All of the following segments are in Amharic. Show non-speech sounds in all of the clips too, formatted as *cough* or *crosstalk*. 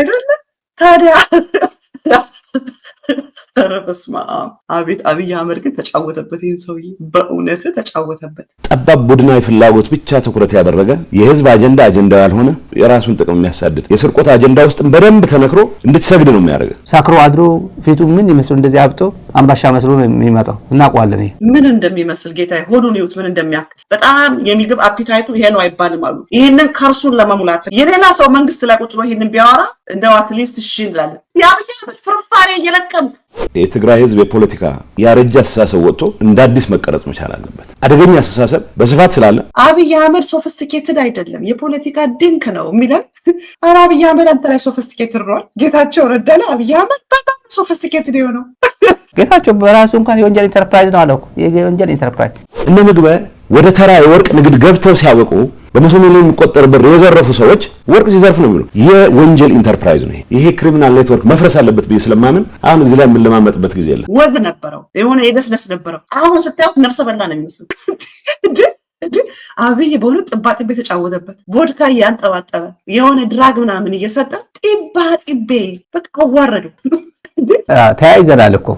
አይደለም ታዲያ *laughs* ኧረ በስመ አብ አቤት! አብይ አህመድ ግን ተጫወተበት፣ ይህን ሰውዬ በእውነት ተጫወተበት። ጠባብ ቡድናዊ ፍላጎት ብቻ ትኩረት ያደረገ የህዝብ አጀንዳ አጀንዳ ያልሆነ የራሱን ጥቅም የሚያሳድድ የስርቆት አጀንዳ ውስጥ በደንብ ተነክሮ እንድትሰግድ ነው የሚያደርገ። ሳክሮ አድሮ ፊቱ ምን ይመስሉ እንደዚህ አብጦ አምባሻ መስሎ ነው የሚመጣው። እናውቀዋለን ምን እንደሚመስል ጌታ ሆዱን ይዩት፣ ምን እንደሚያክል በጣም የሚግብ አፒታይቱ ይሄ ነው አይባልም አሉ። ይህንን ከርሱን ለመሙላት የሌላ ሰው መንግስት ላይ ቁጭ ብሎ ይህንን ቢያወራ እንደው አትሊስት እሺ እንላለን። የአብይ አህመድ እየለቀምክ የትግራይ ህዝብ የፖለቲካ ያረጀ አስተሳሰብ ወጥቶ እንደ አዲስ መቀረጽ መቻል አለበት። አደገኛ አስተሳሰብ በስፋት ስላለ አብይ አህመድ ሶፊስቲኬትድ አይደለም የፖለቲካ ድንክ ነው የሚለን። ኧረ አብይ አህመድ አንተ ላይ ጌታቸው ረዳ ላይ አብይ አህመድ በጣም የሆነው ጌታቸው በራሱ እንኳን የወንጀል ኢንተርፕራይዝ ነው የወንጀል ኢንተርፕራይዝ እነ ምግበ ወደ ተራ የወርቅ ንግድ ገብተው ሲያወቁ በመቶ ሚሊዮን የሚቆጠር ብር የዘረፉ ሰዎች ወርቅ ሲዘርፉ ነው የሚሉ የወንጀል ኢንተርፕራይዝ ነው። ይሄ ክሪሚናል ኔትወርክ መፍረስ አለበት ብዬ ስለማምን አሁን እዚህ ላይ የምንለማመጥበት ጊዜ የለም። ወዝ ነበረው የሆነ የደስደስ ነበረው። አሁን ስታዩት ነፍሰ በላ ነው የሚመስለው። አብይ በሆነ ጥባጥቤ የተጫወተበት ቮድካ እያንጠባጠበ የሆነ ድራግ ምናምን እየሰጠ ጢባ ጢቤ በቃ አዋረዱ። ተያይዘናል እኮ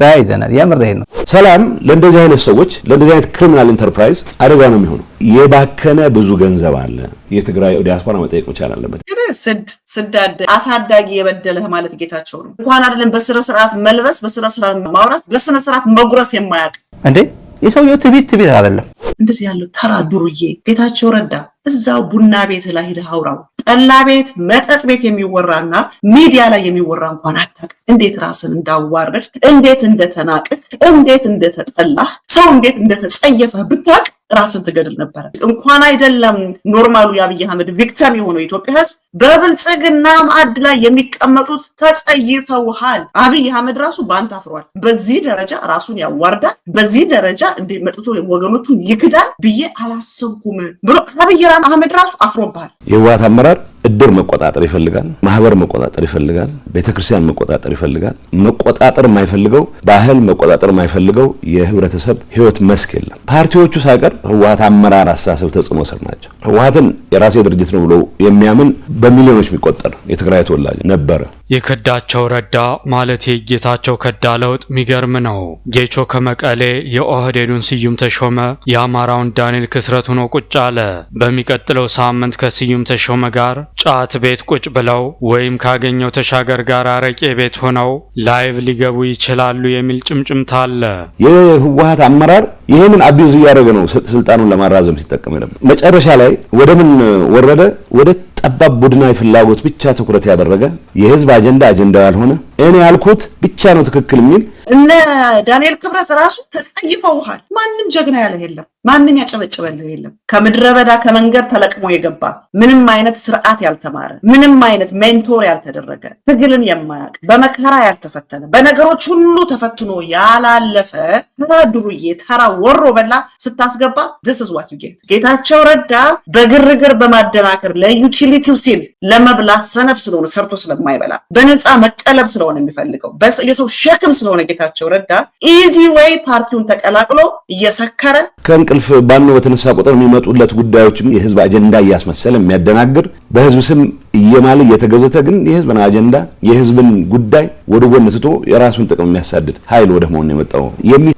ተያይዘናል። የምሬ ነው። ሰላም ለእንደዚህ አይነት ሰዎች ለእንደዚህ አይነት ክሪሚናል ኢንተርፕራይዝ አደጋ ነው የሚሆነው። የባከነ ብዙ ገንዘብ አለ። የትግራይ ዲያስፖራ መጠየቅ መቻል አለበት። ስድ ስዳደ አሳዳጊ የበደለህ ማለት ጌታቸው ነው እንኳን አይደለም በስነ ስርዓት መልበስ፣ በስነ ስርዓት ማውራት፣ በስነ ስርዓት መጉረስ የማያውቅ እንዴ የሰውየው ትቢት ትቢት አይደለም። እንደዚህ ያለው ተራ ዱርዬ ጌታቸው ረዳ እዛው ቡና ቤት ላይ ሂደህ አውራው ጠላ ቤት፣ መጠጥ ቤት የሚወራና ሚዲያ ላይ የሚወራ እንኳን አታውቅ። እንዴት ራስን እንዳዋረድ፣ እንዴት እንደተናቅ እንዴት እንደተጠላ ሰው እንዴት እንደተጸየፈ ብታውቅ ራስን ትገድል ነበረ። እንኳን አይደለም ኖርማሉ የአብይ አህመድ ቪክተም የሆነው የኢትዮጵያ ህዝብ በብልጽግና ማዕድ ላይ የሚቀመጡት ተጸይፈውሃል። አብይ አህመድ ራሱ በአንተ አፍሯል። በዚህ ደረጃ ራሱን ያዋርዳል፣ በዚህ ደረጃ እንደ መጥቶ ወገኖቹን ይክዳል ብዬ አላሰብኩም ብሎ አብይ አህመድ ራሱ አፍሮብሃል። የህወሓት አመራር እድር መቆጣጠር ይፈልጋል። ማህበር መቆጣጠር ይፈልጋል። ቤተክርስቲያን መቆጣጠር ይፈልጋል። መቆጣጠር የማይፈልገው ባህል መቆጣጠር የማይፈልገው የህብረተሰብ ህይወት መስክ የለም። ፓርቲዎቹ ሳይቀር ህወሓት አመራር አስተሳሰብ ተጽዕኖ ስር ናቸው። ህወሓትን የራሴ ድርጅት ነው ብሎ የሚያምን በሚሊዮኖች የሚቆጠር የትግራይ ተወላጅ ነበረ። የከዳቸው ረዳ ማለት የጌታቸው ከዳ ለውጥ ሚገርም ነው። ጌቾ ከመቀሌ የኦህዴዱን ስዩም ተሾመ የአማራውን ዳንኤል ክስረት ሆኖ ቁጭ አለ። በሚቀጥለው ሳምንት ከስዩም ተሾመ ጋር ጫት ቤት ቁጭ ብለው ወይም ካገኘው ተሻገር ጋር አረቄ ቤት ሆነው ላይቭ ሊገቡ ይችላሉ የሚል ጭምጭምታ አለ። የህወሀት አመራር ይህንን አቢዩዝ እያደረገ ነው ስልጣኑን ለማራዘም ሲጠቀም ነበር። መጨረሻ ላይ ወደምን ወረደ? ወደ ጠባብ ቡድናዊ ፍላጎት ብቻ ትኩረት ያደረገ የህዝብ በአጀንዳ አጀንዳው ያልሆነ እኔ ያልኩት ብቻ ነው ትክክል የሚል እነ ዳንኤል ክብረት ራሱ ተጸይፈውሃል። ማንም ጀግና ያለ የለም፣ ማንም ያጨበጭበልህ የለም። ከምድረ በዳ ከመንገድ ተለቅሞ የገባ ምንም አይነት ስርዓት ያልተማረ ምንም አይነት ሜንቶር ያልተደረገ ትግልን የማያውቅ በመከራ ያልተፈተነ በነገሮች ሁሉ ተፈትኖ ያላለፈ ተራ ዱርዬ ተራ ወሮ በላ ስታስገባ ስ ጌት ጌታቸው ረዳ በግርግር በማደናከር ለዩቲሊቲው ሲል ለመብላት ሰነፍ ስለሆነ ሰርቶ ስለማይበላ በነፃ መቀለብ ስለ ስለሆነ የሚፈልገው የሰው ሸክም ስለሆነ ጌታቸው ረዳ ኢዚ ወይ ፓርቲውን ተቀላቅሎ እየሰከረ ከእንቅልፍ ባኖ በተነሳ ቁጥር የሚመጡለት ጉዳዮችም የህዝብ አጀንዳ እያስመሰለ የሚያደናግር በህዝብ ስም እየማለ እየተገዘተ ግን የህዝብን አጀንዳ የህዝብን ጉዳይ ወደ ጎን ስቶ የራሱን ጥቅም የሚያሳድድ ኃይል ወደ መሆን የመጣው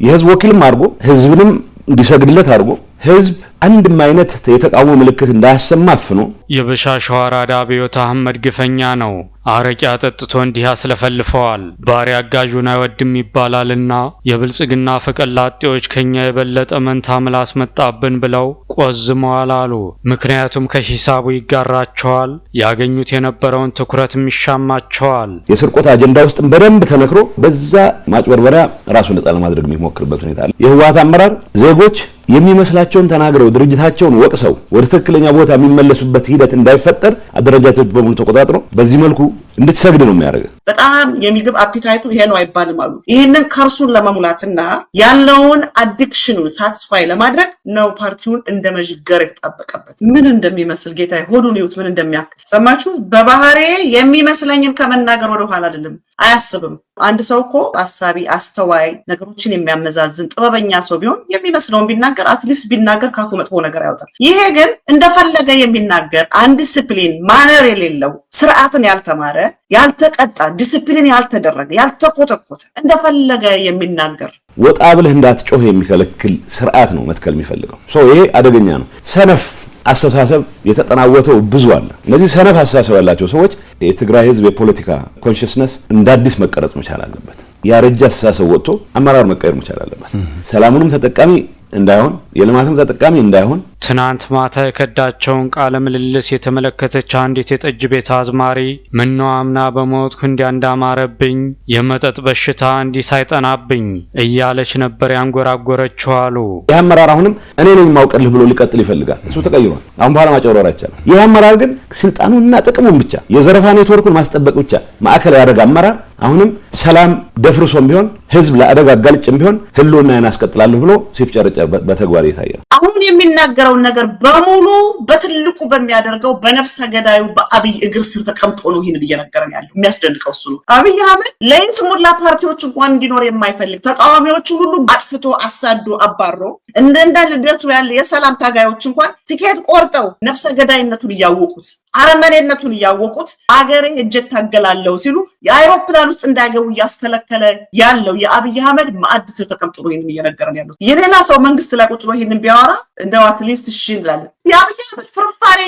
የህዝብ ወኪልም አድርጎ ህዝብንም እንዲሰግድለት አድርጎ ህዝብ አንድም አይነት የተቃውሞ ምልክት እንዳያሰማ አፍኖ የበሻሻው አራዳ አብዮት አህመድ ግፈኛ ነው። አረቂያ አጠጥቶ እንዲህ አስለፈልፈዋል። ባሪያ አጋዡን አይወድም ይባላልና የብልጽግና ላጤዎች ከኛ የበለጠ መንታ ምላስ መጣብን ብለው ቆዝመዋል አሉ። ምክንያቱም ከሂሳቡ ይጋራቸዋል፣ ያገኙት የነበረውን ትኩረትም ይሻማቸዋል። የስርቆት አጀንዳ ውስጥም በደንብ ተነክሮ በዛ ማጭበርበሪያ ራሱን ነጻ ለማድረግ የሚሞክርበት ሁኔታ አለ። የህወሀት አመራር ዜጎች የሚመስላቸውን ተናግረው ድርጅታቸውን ወቅሰው ወደ ትክክለኛ ቦታ የሚመለሱበት ሂደት እንዳይፈጠር አደረጃጀቶች በሙሉ ተቆጣጥሮ በዚህ መልኩ እንድትሰግድ ነው የሚያደርገው። በጣም የሚግብ አፒታይቱ ይሄ ነው አይባልም አሉ። ይህንን ከርሱን ለመሙላትና ያለውን አዲክሽኑን ሳትስፋይ ለማድረግ ነው ፓርቲውን እንደ መዥገር የተጣበቀበት። ምን እንደሚመስል ጌታ ሆዱን ይዩት፣ ምን እንደሚያክል ሰማችሁ። በባህሬ የሚመስለኝን ከመናገር ወደኋላ አይደለም፣ አያስብም። አንድ ሰው እኮ አሳቢ፣ አስተዋይ፣ ነገሮችን የሚያመዛዝን ጥበበኛ ሰው ቢሆን የሚመስለውን ቢናገር አትሊስት ቢናገር ካፉ መጥፎ ነገር ያወጣል። ይሄ ግን እንደፈለገ የሚናገር አንድ ዲስፕሊን ማነር የሌለው ስርዓትን ያልተማረ ያልተቀጣ ዲስፕሊን ያልተደረገ ያልተቆጠቆጠ እንደፈለገ የሚናገር ወጣ ብለህ እንዳትጮህ የሚከለክል ስርዓት ነው መትከል የሚፈልገው ሰው። ይሄ አደገኛ ነው። ሰነፍ አስተሳሰብ የተጠናወተው ብዙ አለ። እነዚህ ሰነፍ አስተሳሰብ ያላቸው ሰዎች የትግራይ ህዝብ የፖለቲካ ኮንሽስነስ እንደ አዲስ መቀረጽ መቻል አለበት። ያረጀ አስተሳሰብ ወጥቶ አመራር መቀየር መቻል አለበት። ሰላሙንም ተጠቃሚ እንዳይሆን የልማትም ተጠቃሚ እንዳይሆን ትናንት ማታ የከዳቸውን ቃለ ምልልስ የተመለከተች አንዲት የጠጅ ቤት አዝማሪ ምነው አምና በሞትኩ እንዲያ እንዳማረብኝ የመጠጥ በሽታ እንዲህ ሳይጠናብኝ እያለች ነበር ያንጎራጎረችው አሉ። ይህ አመራር አሁንም እኔ ነኝ ማውቀልህ ብሎ ሊቀጥል ይፈልጋል። እሱ ተቀይሯል። አሁን በኋላ ማጨወረር አይቻልም። ይህ አመራር ግን ስልጣኑና ጥቅሙን ብቻ የዘረፋ ኔትወርኩን ማስጠበቅ ብቻ ማዕከል ያደረገ አመራር አሁንም ሰላም ደፍርሶም ቢሆን ህዝብ ለአደጋ አጋልጭም ቢሆን ህልውናዬን አስቀጥላለሁ ብሎ ሲፍጨርጨር በተግባር እየታየ ነው አሁን የሚናገር የሚናገረውን ነገር በሙሉ በትልቁ በሚያደርገው በነፍሰ ገዳዩ በአብይ እግር ስር ተቀምጦ ነው ይህንን እየነገረን ያለ። የሚያስደንቀው እሱ ነው። አብይ አህመድ ለይስሙላ ፓርቲዎች እንኳን እንዲኖር የማይፈልግ ተቃዋሚዎቹን ሁሉ አጥፍቶ አሳዶ አባሮ እንደንዳ ልደቱ ያለ የሰላም ታጋዮች እንኳን ትኬት ቆርጠው ነፍሰ ገዳይነቱን እያወቁት አረመኔነቱን እያወቁት አገሬ እጄ እታገላለሁ ሲሉ የአይሮፕላን ውስጥ እንዳይገቡ እያስከለከለ ያለው የአብይ አህመድ ማዕድ ስር ተቀምጥሎ ይህንን እየነገረን ያሉት የሌላ ሰው መንግስት ላይ ቁጭ ብሎ ይህንን ቢያወራ እንደው አትሊስት እሺ እንላለን። የአብይ አህመድ ፍርፋሬ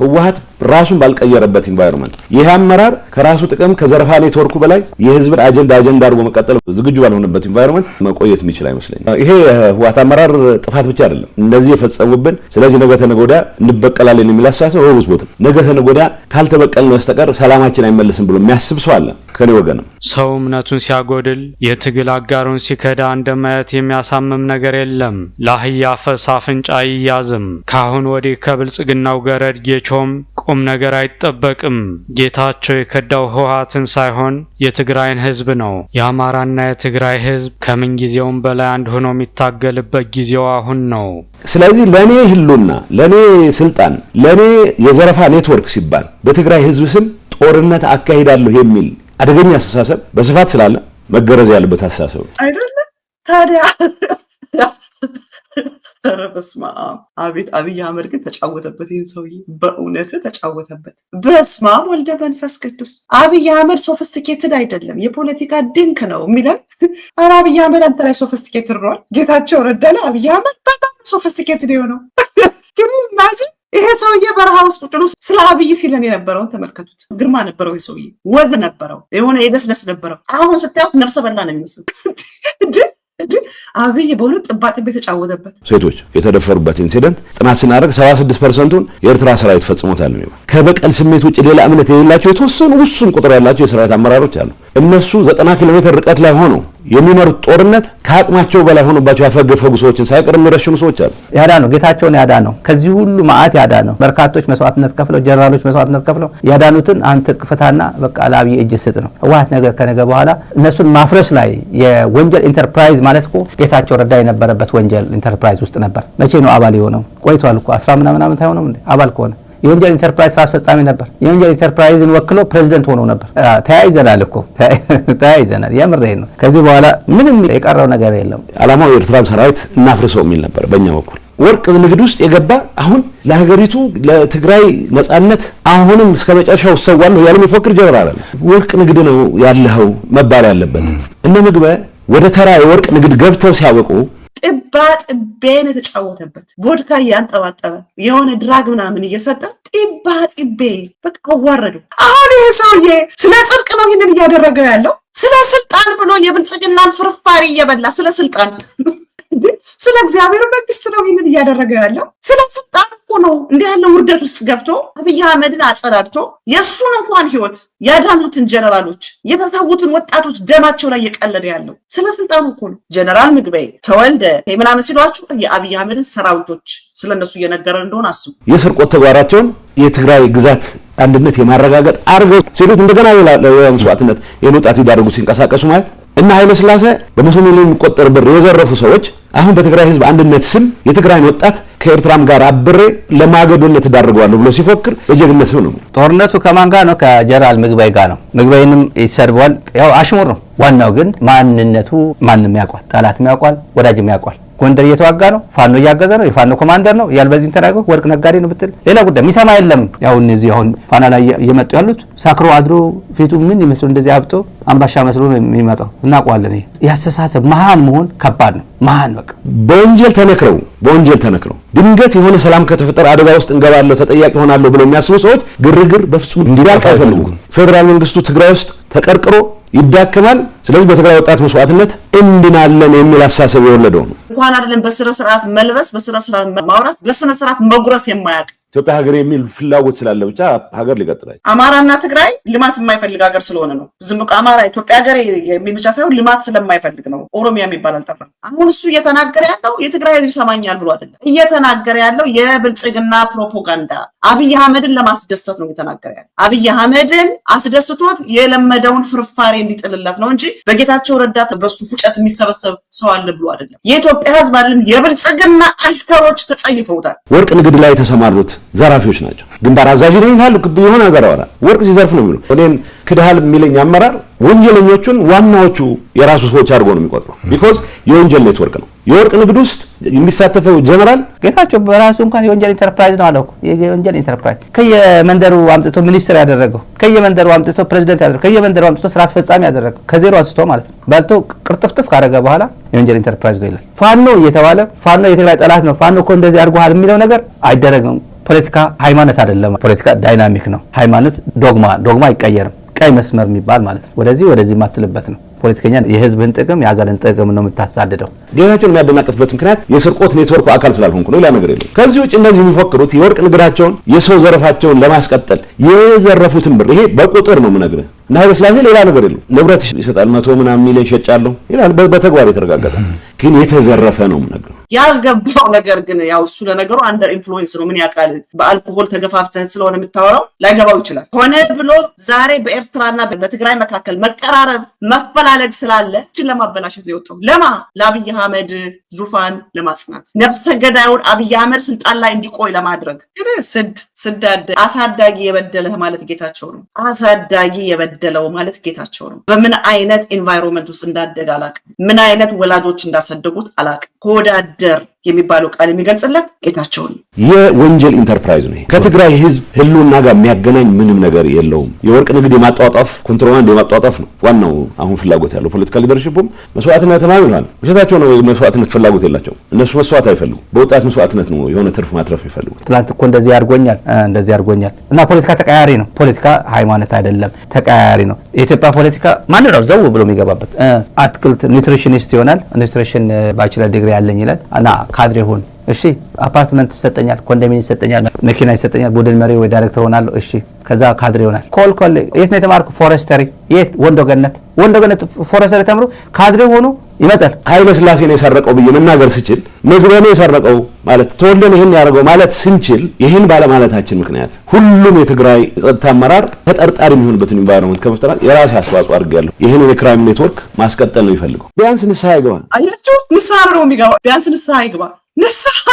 ህወሀት ራሱን ባልቀየረበት ኢንቫይሮንመንት ይህ አመራር ከራሱ ጥቅም ከዘረፋ ኔትወርኩ በላይ የህዝብን አጀንዳ አጀንዳ አድርጎ መቀጠል ዝግጁ ባልሆነበት ኢንቫይሮንመንት መቆየት የሚችል አይመስለኝም። ይሄ ህወሀት አመራር ጥፋት ብቻ አይደለም እነዚህ የፈጸሙብን። ስለዚህ ነገ ተነገ ወዲያ እንበቀላለን የሚል ቦትም ነገ ተነጎዳ ካልተበቀል ነው በስተቀር ሰላማችን አይመለስም ብሎ የሚያስብ ሰው አለ። ከኔ ወገንም ሰው እምነቱን ሲያጎድል የትግል አጋሩን ሲከዳ እንደማየት የሚያሳምም ነገር የለም። ለአህያ ፈሳ አፍንጫ አይያዝም። ካሁን ወዲህ ከብልጽግናው ገረድ ጌቾም ቁም ነገር አይጠበቅም። ጌታቸው የከዳው ህወሓትን ሳይሆን የትግራይን ህዝብ ነው። የአማራና የትግራይ ህዝብ ከምንጊዜውም በላይ አንድ ሆኖ የሚታገልበት ጊዜው አሁን ነው። ስለዚህ ለእኔ ህሉና፣ ለእኔ ስልጣን፣ ለእኔ የዘረፋ ኔትወርክ ሲባል በትግራይ ህዝብ ስም ጦርነት አካሂዳለሁ የሚል አደገኛ አስተሳሰብ በስፋት ስላለ መገረዝ ያለበት አስተሳሰብ ነው አይደለም ታዲያ። ኧረ በስመ አብ አቤት! አብይ አህመድ ግን ተጫወተበት፣ ይህን ሰውዬ በእውነት ተጫወተበት። በስመ አብ ወልደ መንፈስ ቅዱስ። አብይ አህመድ ሶፊስቲኬትድ አይደለም የፖለቲካ ድንክ ነው የሚለን። ኧረ አብይ አህመድ አንተ ላይ ሶፊስቲኬትድ ሯል። ጌታቸው ረዳ ላይ አብይ አህመድ በጣም ሶፊስቲኬትድ የሆነው ግን *laughs* ማጅን ይሄ ሰውዬ በረሃ ውስጥ ቁጭ ስለ አብይ ሲለን የነበረውን ተመልከቱት። ግርማ ነበረው፣ የሰውዬ ወዝ ነበረው፣ የሆነ የደስደስ ነበረው። አሁን ስታዩት ነፍሰ በላ ነው የሚመስል አብይ በእውነት ጥባጥቤ የተጫወተበት ሴቶች የተደፈሩበት ኢንሲደንት ጥናት ስናደርግ 76 ፐርሰንቱን የኤርትራ ሰራዊት ፈጽሞታል ነው። ከበቀል ስሜት ውጭ ሌላ እምነት የሌላቸው የተወሰኑ ውሱን ቁጥር ያላቸው የሰራዊት አመራሮች አሉ። እነሱ ዘጠና ኪሎ ሜትር ርቀት ላይ ሆነው የሚመሩት ጦርነት ከአቅማቸው በላይ ሆኖባቸው ያፈገፈጉ ሰዎችን ሳይቀር የሚረሽኑ ሰዎች አሉ። ያዳ ነው ጌታቸውን ያዳ ነው ከዚህ ሁሉ ማአት ያዳ ነው። በርካቶች መስዋዕትነት ከፍለው ጀነራሎች መስዋዕትነት ከፍለው ያዳኑትን አንተ ትጥቅ በቃ ለአብይ እጅ ስጥ ነው። ህወሓት ነገ ከነገ በኋላ እነሱን ማፍረስ ላይ የወንጀል ኢንተርፕራይዝ ማለት እኮ ጌታቸው ረዳ የነበረበት ወንጀል ኢንተርፕራይዝ ውስጥ ነበር። መቼ ነው አባል የሆነው? ቆይቷል እኮ አስራ ምናምን ዓመት አይሆነም አባል ከሆነ የወንጀል ኢንተርፕራይዝ ስራ አስፈጻሚ ነበር። የወንጀል ኢንተርፕራይዝን ወክሎ ፕሬዚደንት ሆኖ ነበር። ተያይዘናል እኮ ተያይዘናል። የምሬን ነው። ከዚህ በኋላ ምንም የቀረው ነገር የለም። አላማው የኤርትራን ሰራዊት እናፍርሰው የሚል ነበር በእኛ በኩል ወርቅ ንግድ ውስጥ የገባ አሁን ለሀገሪቱ ለትግራይ ነጻነት አሁንም እስከ መጨረሻው እሰዋለሁ ያለ የሚፎክር ጀነራል አለ። ወርቅ ንግድ ነው ያለኸው መባል ያለበት። እነ ምግበ ወደ ተራ የወርቅ ንግድ ገብተው ሲያበቁ ጥባ ጥቤ የተጫወተበት። ቮድካ እያንጠባጠበ የሆነ ድራግ ምናምን እየሰጠ ጥባ ጥቤ በቃ አዋረዱ። አሁን ይሄ ሰውዬ ስለ ጽድቅ ነው ይህንን እያደረገው ያለው። ስለ ስልጣን ብሎ የብልጽግናን ፍርፋሪ እየበላ ስለ ስልጣን ስለ እግዚአብሔር መንግስት ነው ይህንን እያደረገ ያለው። ስለ ስልጣን እኮ ነው እንዲህ ያለ ውርደት ውስጥ ገብቶ አብይ አህመድን አጸዳድቶ የእሱን እንኳን ህይወት ያዳኑትን ጀነራሎች የተሰዉትን ወጣቶች ደማቸው ላይ እየቀለደ ያለው ስለ ስልጣኑ እኮ ነው። ጀነራል ምግበይ ተወልደ ምናምን ሲሏችሁ የአብይ አህመድን ሰራዊቶች እነሱ እየነገረ እንደሆነ አስቡ። የስርቆት ተግባራቸውን የትግራይ ግዛት አንድነት የማረጋገጥ አድርገው ሲሉት እንደገና ሌላ መስዋዕትነት የመውጣት ይዳርጉ ሲንቀሳቀሱ ማለት እና ኃይለ ሥላሴ በመቶ ሚሊዮን የሚቆጠር ብር የዘረፉ ሰዎች አሁን በትግራይ ሕዝብ አንድነት ስም የትግራይን ወጣት ከኤርትራም ጋር አብሬ ለማገዶነት እዳርገዋለሁ ብሎ ሲፎክር የጀግነት ነው። ጦርነቱ ከማን ጋር ነው? ከጀነራል ምግባይ ጋር ነው። ምግባይንም ይሰድበዋል። ያው አሽሙር ነው። ዋናው ግን ማንነቱ ማንም ያውቋል፣ ጠላትም ያውቋል፣ ወዳጅም ያውቋል። ጎንደር እየተዋጋ ነው፣ ፋኖ እያገዘ ነው፣ የፋኖ ኮማንደር ነው እያል በዚህ ተናገ ወርቅ ነጋዴ ነው ብትል ሌላ ጉዳይ የሚሰማ የለም። ያው እነዚህ አሁን ፋና ላይ እየመጡ ያሉት ሳክሮ አድሮ ፊቱ ምን ይመስሉ እንደዚህ አብጦ አምባሻ መስሎ ነው የሚመጣው። እናውቀዋለን። ያስተሳሰብ መሀን መሆን ከባድ ነው። መሀን በቃ በወንጀል ተነክረው በወንጀል ተነክረው ድንገት የሆነ ሰላም ከተፈጠረ አደጋ ውስጥ እንገባለሁ ተጠያቂ ሆናለሁ ብለው የሚያስቡ ሰዎች ግርግር በፍጹም እንዲላቅ አይፈልጉም። ፌዴራል መንግስቱ ትግራይ ውስጥ ተቀርቅሮ ይዳከማል። ስለዚህ በትግራይ ወጣት መስዋዕትነት እንድናለን የሚል አሳሰብ የወለደው ነው። እንኳን አይደለም በስነ ስርዓት መልበስ፣ በስነ ስርዓት ማውራት፣ በስነ ስርዓት መጉረስ የማያውቅ ኢትዮጵያ ሀገር የሚል ፍላጎት ስላለ ብቻ ሀገር ሊቀጥላል። አማራና ትግራይ ልማት የማይፈልግ ሀገር ስለሆነ ነው። ዝም አማራ ኢትዮጵያ ሀገር የሚል ብቻ ሳይሆን ልማት ስለማይፈልግ ነው ኦሮሚያ የሚባል አልጠራ። አሁን እሱ እየተናገረ ያለው የትግራይ ህዝብ ይሰማኛል ብሎ አይደለም። እየተናገረ ያለው የብልጽግና ፕሮፓጋንዳ አብይ አህመድን ለማስደሰት ነው እየተናገረ ያለው። አብይ አህመድን አስደስቶት የለመደውን ፍርፋሬ እንዲጥልለት ነው እንጂ በጌታቸው ረዳት በሱ ፉጨት የሚሰበሰብ ሰው አለ ብሎ አይደለም። የኢትዮጵያ ህዝብ አለም የብልጽግና አሽከሮች ተጸይፈውታል። ወርቅ ንግድ ላይ የተሰማሩት ዘራፊዎች ናቸው። ግንባር አዛዥ ነኝ ይላሉ። የሆነ ነገር ያወራል። ወርቅ ሲዘርፍ ነው የሚሉ እኔን ክድሃል የሚለኝ አመራር ወንጀለኞቹን ዋናዎቹ የራሱ ሰዎች አድርጎ ነው የሚቆጥረው። ቢኮዝ የወንጀል ኔትወርክ ነው። የወርቅ ንግድ ውስጥ የሚሳተፈው ጀነራል ጌታቸው በራሱ እንኳን የወንጀል ኢንተርፕራይዝ ነው አለው። የወንጀል ኢንተርፕራይዝ ከየመንደሩ አምጥቶ ሚኒስትር ያደረገው፣ ከየመንደሩ አምጥቶ ፕሬዚደንት ያደረገው፣ ከየመንደሩ አምጥቶ ስራ አስፈጻሚ ያደረገው ከዜሮ አንስቶ ማለት ነው። በልቶ ቅርጥፍጥፍ ካደረገ በኋላ የወንጀል ኢንተርፕራይዝ ነው ይላል። ፋኖ እየተባለ ፋኖ የትግራይ ጠላት ነው ፋኖ እኮ እንደዚህ አድርጓል የሚለው ነገር አይደረግም። ፖለቲካ ሃይማኖት አይደለም። ፖለቲካ ዳይናሚክ ነው። ሃይማኖት ዶግማ ዶግማ አይቀየርም። ቀይ መስመር የሚባል ማለት ነው። ወደዚህ ወደዚህ የማትልበት ነው። ፖለቲከኛ የህዝብን ጥቅም የሀገርን ጥቅም ነው የምታሳድደው። ጌታቸውን የሚያደናቀፍበት ምክንያት የስርቆት ኔትወርኩ አካል ስላልሆንኩ ነው። ሌላ ነገር የለም። ከዚህ ውጭ እነዚህ የሚፎክሩት የወርቅ ንግዳቸውን፣ የሰው ዘረፋቸውን ለማስቀጠል የዘረፉትን ብር ይሄ በቁጥር ነው የምነግርህ እና ኃይለ ሥላሴ ሌላ ነገር የለም። ንብረት ይሰጣል መቶ ምናምን ሚሊዮን ሸጫለሁ ይላል። በተግባር የተረጋገጠ ግን የተዘረፈ ነው ነገር ያልገባው ነገር ግን ያው እሱ ለነገሩ አንደር ኢንፍሉዌንስ ነው ምን ያውቃል። በአልኮሆል ተገፋፍተህ ስለሆነ የምታወራው ላይገባው ይችላል። ሆነ ብሎ ዛሬ በኤርትራና በትግራይ መካከል መቀራረብ፣ መፈላለግ ስላለ እችን ለማበላሸት ነው የወጣው። ለማ ለአብይ አህመድ ዙፋን ለማጽናት ነፍሰ ገዳዩን አብይ አህመድ ስልጣን ላይ እንዲቆይ ለማድረግ ስድ ስዳደ አሳዳጊ የበደለህ ማለት ጌታቸው ነው አሳዳጊ የበደ የገደለው ማለት ጌታቸው ነው። በምን አይነት ኢንቫይሮንመንት ውስጥ እንዳደገ አላቅም። ምን አይነት ወላጆች እንዳሰደጉት አላቅም። ከወዳደር የሚባለው ቃል የሚገልጽለት ጌታቸውን የወንጀል ኢንተርፕራይዝ ነው። ከትግራይ ህዝብ ህልውና ጋር የሚያገናኝ ምንም ነገር የለውም። የወርቅ ንግድ የማጧጧፍ ኮንትሮባንድ የማጧጧፍ ነው ዋናው አሁን ፍላጎት ያለው ፖለቲካ ሊደርሽፕም መስዋዕትነት ተማም ይልል ውሸታቸው ነው። መስዋዕትነት ፍላጎት የላቸው እነሱ መስዋዕት አይፈልጉ። በወጣት መስዋዕትነት ነው የሆነ ትርፍ ማትረፍ ይፈልጉት። ትላንት እኮ እንደዚህ አድርጎኛል እንደዚህ አድርጎኛል እና ፖለቲካ ተቀያሪ ነው። ፖለቲካ ሃይማኖት አይደለም፣ ተቀያሪ ነው። የኢትዮጵያ ፖለቲካ ማን ነው ዘው ብሎ የሚገባበት አትክልት ኒትሪሽኒስት ይሆናል። ኒትሪሽን ባችለር ዲግሪ ያለኝ ይላል እና ካድሬ ሁን። እሺ አፓርትመንት ይሰጠኛል፣ ኮንዶሚኒየም ይሰጠኛል፣ መኪና ይሰጠኛል፣ ቡድን መሪ ወይ ዳይሬክተር ሆናለሁ። እሺ ከዛ ካድሬ ይሆናል። ኮልኮሌ የት ነው የተማርኩ? ፎረስተሪ። የት? ወንዶ ገነት። ወንዶ ገነት ፎረስተሪ ተምሮ ካድሬ ሆኑ ይመጣል። ኃይለ ሥላሴ ነው የሰረቀው ብዬ መናገር ስችል ምግብ ነው የሰረቀው ማለት ተወልደን ይህን ያደርገው ማለት ስንችል ይህን ባለማለታችን ምክንያት ሁሉም የትግራይ ጸጥታ አመራር ተጠርጣሪ የሚሆንበትን ኢንቫይሮመንት ከመፍጠራት የራሴ አስተዋጽኦ አድርጌያለሁ። ይህንን የክራይም ኔትወርክ ማስቀጠል ነው የሚፈልገው። ቢያንስ ንስሐ ይግባ። አያችሁ፣ ንስሐ ነው የሚገባ። ቢያንስ ንስሐ ይግባ። ንስሐ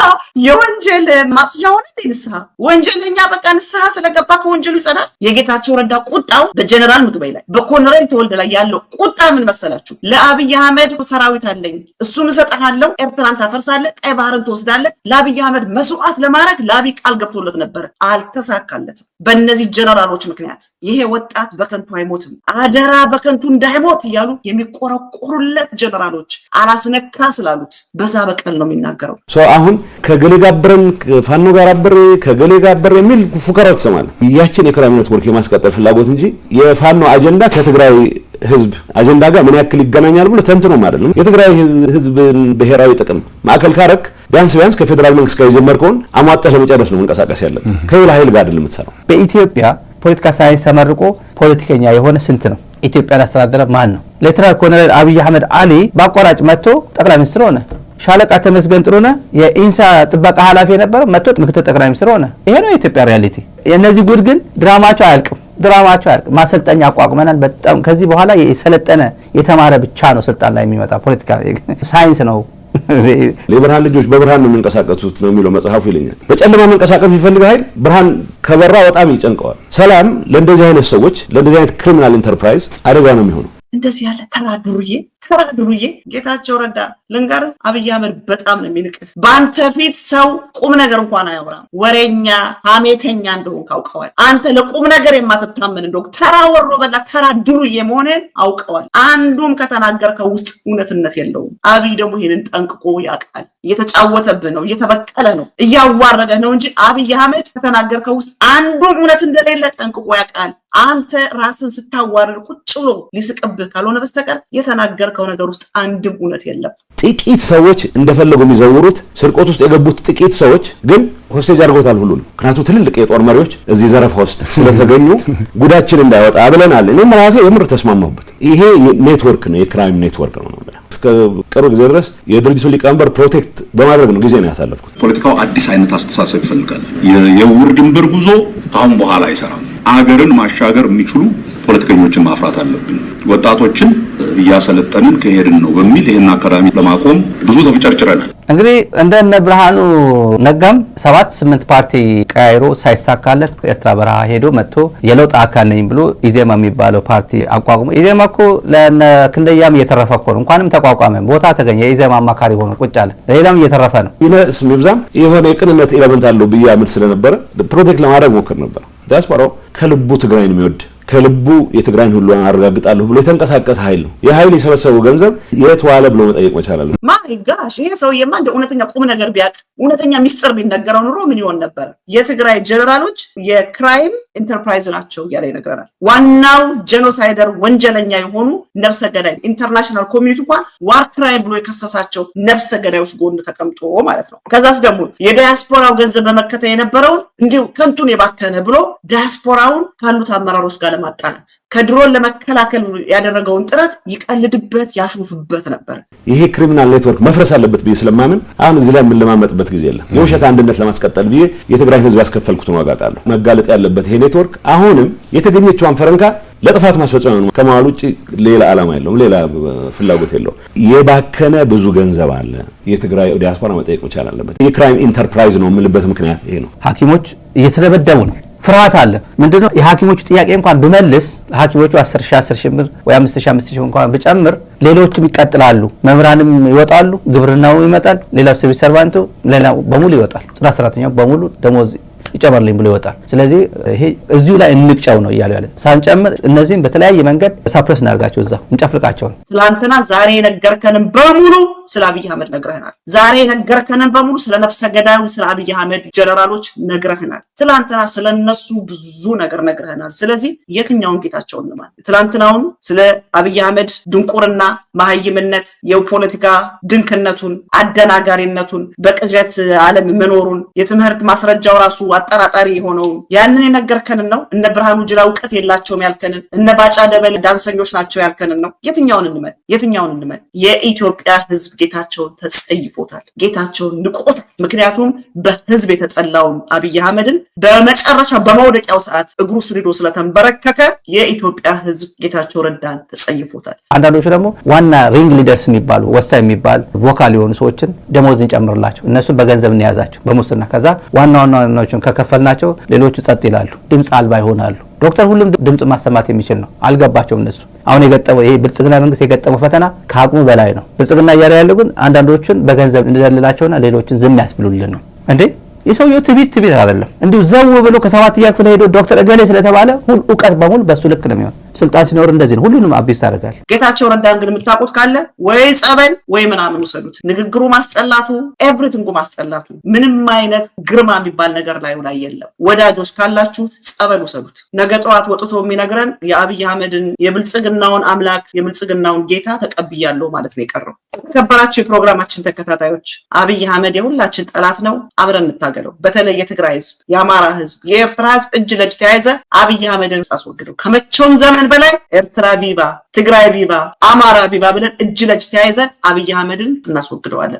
የወንጀል ማጽጃ ሆነ እንዴ? ንስሐ ወንጀለኛ በቃ ንስሐ ስለገባ ከወንጀሉ ይጸዳል። የጌታቸው ረዳ ቁጣው በጀነራል ምግበይ ላይ በኮሎኔል ተወልደ ላይ ያለው ቁጣ ምን መሰላችሁ? ለአብይ አህመድ ሰራዊት አለኝ፣ እሱን እሰጠሃለሁ፣ ኤርትራን ታፈርሳለህ፣ ቀይ ባህርን ትወስዳለህ። ለአብይ አህመድ መስዋዕት ለማድረግ ለአብይ ቃል ገብቶለት ነበር አልተሳካለትም። በእነዚህ ጀነራሎች ምክንያት ይሄ ወጣት በከንቱ አይሞትም፣ አደራ በከንቱ እንዳይሞት እያሉ የሚቆረቆሩለት ጀነራሎች አላስነካ ስላሉት በዛ በቀል ነው የሚናገረው። አሁን ከገሌ ጋር አብረን ፋኖ ጋር አብሬ ከገሌ ጋር የሚል ፉከራ ትሰማለህ። ያችን የሰላም ኔትወርክ የማስቀጠል ፍላጎት እንጂ የፋኖ አጀንዳ ከትግራይ ህዝብ አጀንዳ ጋር ምን ያክል ይገናኛል ብሎ ተንትኖም አይደለም። የትግራይ ህዝብን ብሔራዊ ጥቅም ማዕከል ካረክ ቢያንስ ቢያንስ ከፌዴራል መንግስት ጋር የጀመርከውን አሟጠህ ለመጨረስ ነው መንቀሳቀስ ያለ ከሌላ ኃይል ጋር አይደለም የምትሰራው። በኢትዮጵያ ፖለቲካ ሳይንስ ተመርቆ ፖለቲከኛ የሆነ ስንት ነው? ኢትዮጵያን ያስተዳደረ ማን ነው? ሌተናል ኮሎኔል አብይ አህመድ አሊ በአቋራጭ መጥቶ ጠቅላይ ሚኒስትር ሆነ። ሻለቃ ተመስገን ጥሩነህ የኢንሳ ጥበቃ ኃላፊ የነበረ መቶ ምክትል ጠቅላይ ሚኒስትር ሆነ። ይሄ ነው የኢትዮጵያ ሪያሊቲ። የእነዚህ ጉድ ግን ድራማቸው አያልቅም፣ ድራማቸው አያልቅም። ማሰልጠኛ አቋቁመናል። በጣም ከዚህ በኋላ የሰለጠነ የተማረ ብቻ ነው ስልጣን ላይ የሚመጣ ፖለቲካ ሳይንስ ነው። የብርሃን *laughs* ልጆች በብርሃን ነው የሚንቀሳቀሱት ነው የሚለው መጽሐፉ ይለኛል። በጨለማ መንቀሳቀስ የሚፈልግ ኃይል ብርሃን ከበራ በጣም ይጨንቀዋል። ሰላም ለእንደዚህ አይነት ሰዎች፣ ለእንደዚህ አይነት ክሪሚናል ኢንተርፕራይዝ አደጋ ነው የሚሆነው። እንደዚህ ያለ ተራ ዱርዬ ኧረ ድሩዬ ጌታቸው ረዳ ልንገርህ፣ አብይ አህመድ በጣም ነው የሚንቅህ። በአንተ ፊት ሰው ቁም ነገር እንኳን አያወራም። ወሬኛ ሀሜተኛ እንደሆን ካውቀዋል። አንተ ለቁም ነገር የማትታመን እንደ ተራ ወሮ በላ ተራ ድሩዬ መሆንን አውቀዋል። አንዱም ከተናገርከው ውስጥ እውነትነት የለውም። አብይ ደግሞ ይህንን ጠንቅቆ ያውቃል። እየተጫወተብህ ነው፣ እየተበቀለ ነው፣ እያዋረደ ነው እንጂ አብይ አህመድ ከተናገርከው ውስጥ አንዱም እውነት እንደሌለ ጠንቅቆ ያውቃል። አንተ ራስን ስታዋርድ ቁጭ ብሎ ሊስቅብህ ካልሆነ በስተቀር የተናገርከው ከተነካው ነገር ውስጥ አንድም እውነት የለም። ጥቂት ሰዎች እንደፈለጉ የሚዘውሩት ስርቆት ውስጥ የገቡት ጥቂት ሰዎች ግን ሆስቴጅ አድርጎታል ሁሉን። ምክንያቱ ትልልቅ የጦር መሪዎች እዚህ ዘረፋ ውስጥ ስለተገኙ ጉዳችን እንዳይወጣ ብለናል። እኔም ራሴ የምር ተስማማሁበት። ይሄ ኔትወርክ ነው፣ የክራይም ኔትወርክ ነው። እስከ ቅርብ ጊዜ ድረስ የድርጅቱ ሊቀመንበር ፕሮቴክት በማድረግ ነው ጊዜ ነው ያሳለፍኩት። ፖለቲካው አዲስ አይነት አስተሳሰብ ይፈልጋል። የውር ድንበር ጉዞ ከአሁን በኋላ አይሰራም። አገርን ማሻገር የሚችሉ ፖለቲከኞችን ማፍራት አለብን። ወጣቶችን እያሰለጠንን ከሄድን ነው በሚል ይህን አካዳሚ ለማቆም ብዙ ተፍጨርጭረናል። እንግዲህ እንደነ ብርሃኑ ነጋም ሰባት ስምንት ፓርቲ ቀያይሮ ሳይሳካለት ኤርትራ በረሃ ሄዶ መጥቶ የለውጥ አካል ነኝ ብሎ ኢዜማ የሚባለው ፓርቲ አቋቁሞ ኢዜማ እኮ ለነ ክንደያም እየተረፈ እኮ ነው። እንኳንም ተቋቋመ ቦታ ተገኘ የኢዜማ አማካሪ ሆኖ ቁጭ አለ። ሌላም እየተረፈ ነው። ይነስ ይብዛም የሆነ የቅንነት ኤለመንት አለው ብዬ አምል ስለነበረ ፕሮቴክት ለማድረግ ሞክር ነበር። ዲያስፖራው ከልቡ ትግራይን የሚወድ ከልቡ የትግራይን ሁሉ አረጋግጣለሁ ብሎ የተንቀሳቀሰ ኃይል ነው። የኃይል የሰበሰበው ገንዘብ የት ዋለ ብሎ መጠየቅ መቻል አለ። ማይ ጋሽ ይሄ ሰውዬማ እንደ እውነተኛ ቁም ነገር ቢያቅ እውነተኛ ሚስጥር ቢነገረው ኑሮ ምን ይሆን ነበር? የትግራይ ጀነራሎች የክራይም ኢንተርፕራይዝ ናቸው እያለ ይነግረናል። ዋናው ጀኖሳይደር ወንጀለኛ የሆኑ ነፍሰ ገዳይ ኢንተርናሽናል ኮሚኒቲ እንኳን ዋር ክራይም ብሎ የከሰሳቸው ነፍሰ ገዳዮች ጎን ተቀምጦ ማለት ነው። ከዛስ ደግሞ የዳያስፖራው ገንዘብ በመከተል የነበረውን እንዲሁ ከንቱን የባከነ ብሎ ዳያስፖራውን ካሉት አመራሮች ጋር ለማጣላት ከድሮን ለመከላከል ያደረገውን ጥረት ይቀልድበት ያሾፍበት ነበር። ይሄ ክሪሚናል ኔትወርክ መፍረስ አለበት ብዬ ስለማምን አሁን እዚህ ላይ የምንለማመጥበት ጊዜ የለም። የውሸት አንድነት ለማስቀጠል ብዬ የትግራይ ህዝብ ያስከፈልኩትን ዋጋ መጋለጥ ያለበት ይሄ ኔትወርክ አሁንም የተገኘችዋን ፈረንካ ለጥፋት ማስፈጸሚያ ነው ከመዋል ውጭ ሌላ ዓላማ የለውም። ሌላ ፍላጎት የለውም። የባከነ ብዙ ገንዘብ አለ። የትግራይ ዲያስፖራ መጠየቅ መቻል አለበት። የክራይም ኢንተርፕራይዝ ነው የምልበት ምክንያት ይሄ ነው። ሐኪሞች እየተደበደቡ ነው። ፍርሃት አለ። ምንድነው የሐኪሞቹ ጥያቄ እንኳን ብመልስ ሐኪሞቹ 10 ሺህ 10 ሺህ ብር ወይ 5 ሺህ 5 ሺህ እንኳን ብጨምር ሌሎቹም ይቀጥላሉ። መምህራንም ይወጣሉ፣ ግብርናው ይመጣል፣ ሌላው ሲቪል ሰርቫንቱ ሌላው በሙሉ ይወጣል። ጽዳት ሰራተኛው በሙሉ ደሞዝ ይጨመርልኝ ብሎ ይወጣል። ስለዚህ ይሄ እዚሁ ላይ እንቅጨው ነው እያሉ ያለ ሳንጨምር፣ እነዚህም በተለያየ መንገድ ሳፕረስ እናደርጋቸው እዛ እንጨፍልቃቸው ነው። ትላንትና ዛሬ የነገርከንን በሙሉ ስለ አብይ አህመድ ነግረህናል። ዛሬ የነገርከንን በሙሉ ስለ ነፍሰ ገዳዩ ስለ አብይ አህመድ ጀነራሎች ነግረህናል። ትላንትና ስለነሱ ብዙ ነገር ነግረህናል። ስለዚህ የትኛውን ጌታቸው እንማል? ትላንትናውን ስለ አብይ አህመድ ድንቁርና፣ መሀይምነት፣ የፖለቲካ ድንክነቱን፣ አደናጋሪነቱን፣ በቅዠት ዓለም መኖሩን የትምህርት ማስረጃው ራሱ አጠራጣሪ የሆነው ያንን የነገርከንን ነው። እነ ብርሃኑ ጅላ እውቀት የላቸውም ያልከንን፣ እነ ባጫ ደበል ዳንሰኞች ናቸው ያልከንን ነው። የትኛውን እንመን? የትኛውን እንመን? የኢትዮጵያ ሕዝብ ጌታቸውን ተጸይፎታል። ጌታቸውን ንቆታል። ምክንያቱም በሕዝብ የተጠላውን አብይ አህመድን በመጨረሻ በመውደቂያው ሰዓት እግሩ ስሪዶ ስለተንበረከከ የኢትዮጵያ ሕዝብ ጌታቸው ረዳን ተጸይፎታል። አንዳንዶቹ ደግሞ ዋና ሪንግ ሊደርስ የሚባሉ ወሳኝ የሚባል ቮካል የሆኑ ሰዎችን ደሞዝ እንጨምርላቸው፣ እነሱን በገንዘብ እንያዛቸው በሙስና ከዛ ዋና ዋና ዋናዎችን ከከፈልናቸው ሌሎቹ ጸጥ ይላሉ፣ ድምፅ አልባ ይሆናሉ። ዶክተር ሁሉም ድምፅ ማሰማት የሚችል ነው። አልገባቸውም እነሱ አሁን የገጠመው ይሄ ብልጽግና መንግስት የገጠመው ፈተና ከአቅሙ በላይ ነው። ብልጽግና እያለ ያለው ግን አንዳንዶቹን በገንዘብ እንደልላቸውና ሌሎችን ዝም ያስብሉልን ነው እንዴ። የሰውየው ትቢት ትቢት አይደለም እንዲሁ ዘው ብሎ ከሰባት ክፍል ሄዶ ዶክተር እገሌ ስለተባለ ሁሉ እውቀት በሙሉ በእሱ ልክ ነው የሚሆን ስልጣን ሲኖር እንደዚህ ነው። ሁሉንም አቢስ ታደርጋል። ጌታቸው ረዳን ግን የምታውቁት ካለ ወይ ጸበል ወይ ምናምን ውሰዱት። ንግግሩ ማስጠላቱ፣ ኤቭሪቲንጉ ማስጠላቱ፣ ምንም አይነት ግርማ የሚባል ነገር ላይ ላይ የለም። ወዳጆች ካላችሁት ጸበል ውሰዱት። ነገ ጠዋት ወጥቶ የሚነግረን የአብይ አህመድን የብልጽግናውን አምላክ የብልጽግናውን ጌታ ተቀብያለሁ ማለት ነው የቀረው። የተከበራችሁ የፕሮግራማችን ተከታታዮች አብይ አህመድ የሁላችን ጠላት ነው። አብረን እንታገለው። በተለይ የትግራይ ህዝብ፣ የአማራ ህዝብ፣ የኤርትራ ህዝብ እጅ ለእጅ ተያይዘ አብይ አህመድን አስወግደው ከመቼውም ዘመን ከዘመን በላይ ኤርትራ ቪቫ፣ ትግራይ ቪቫ፣ አማራ ቪቫ ብለን እጅ ለእጅ ተያይዘን አብይ አህመድን እናስወግደዋለን።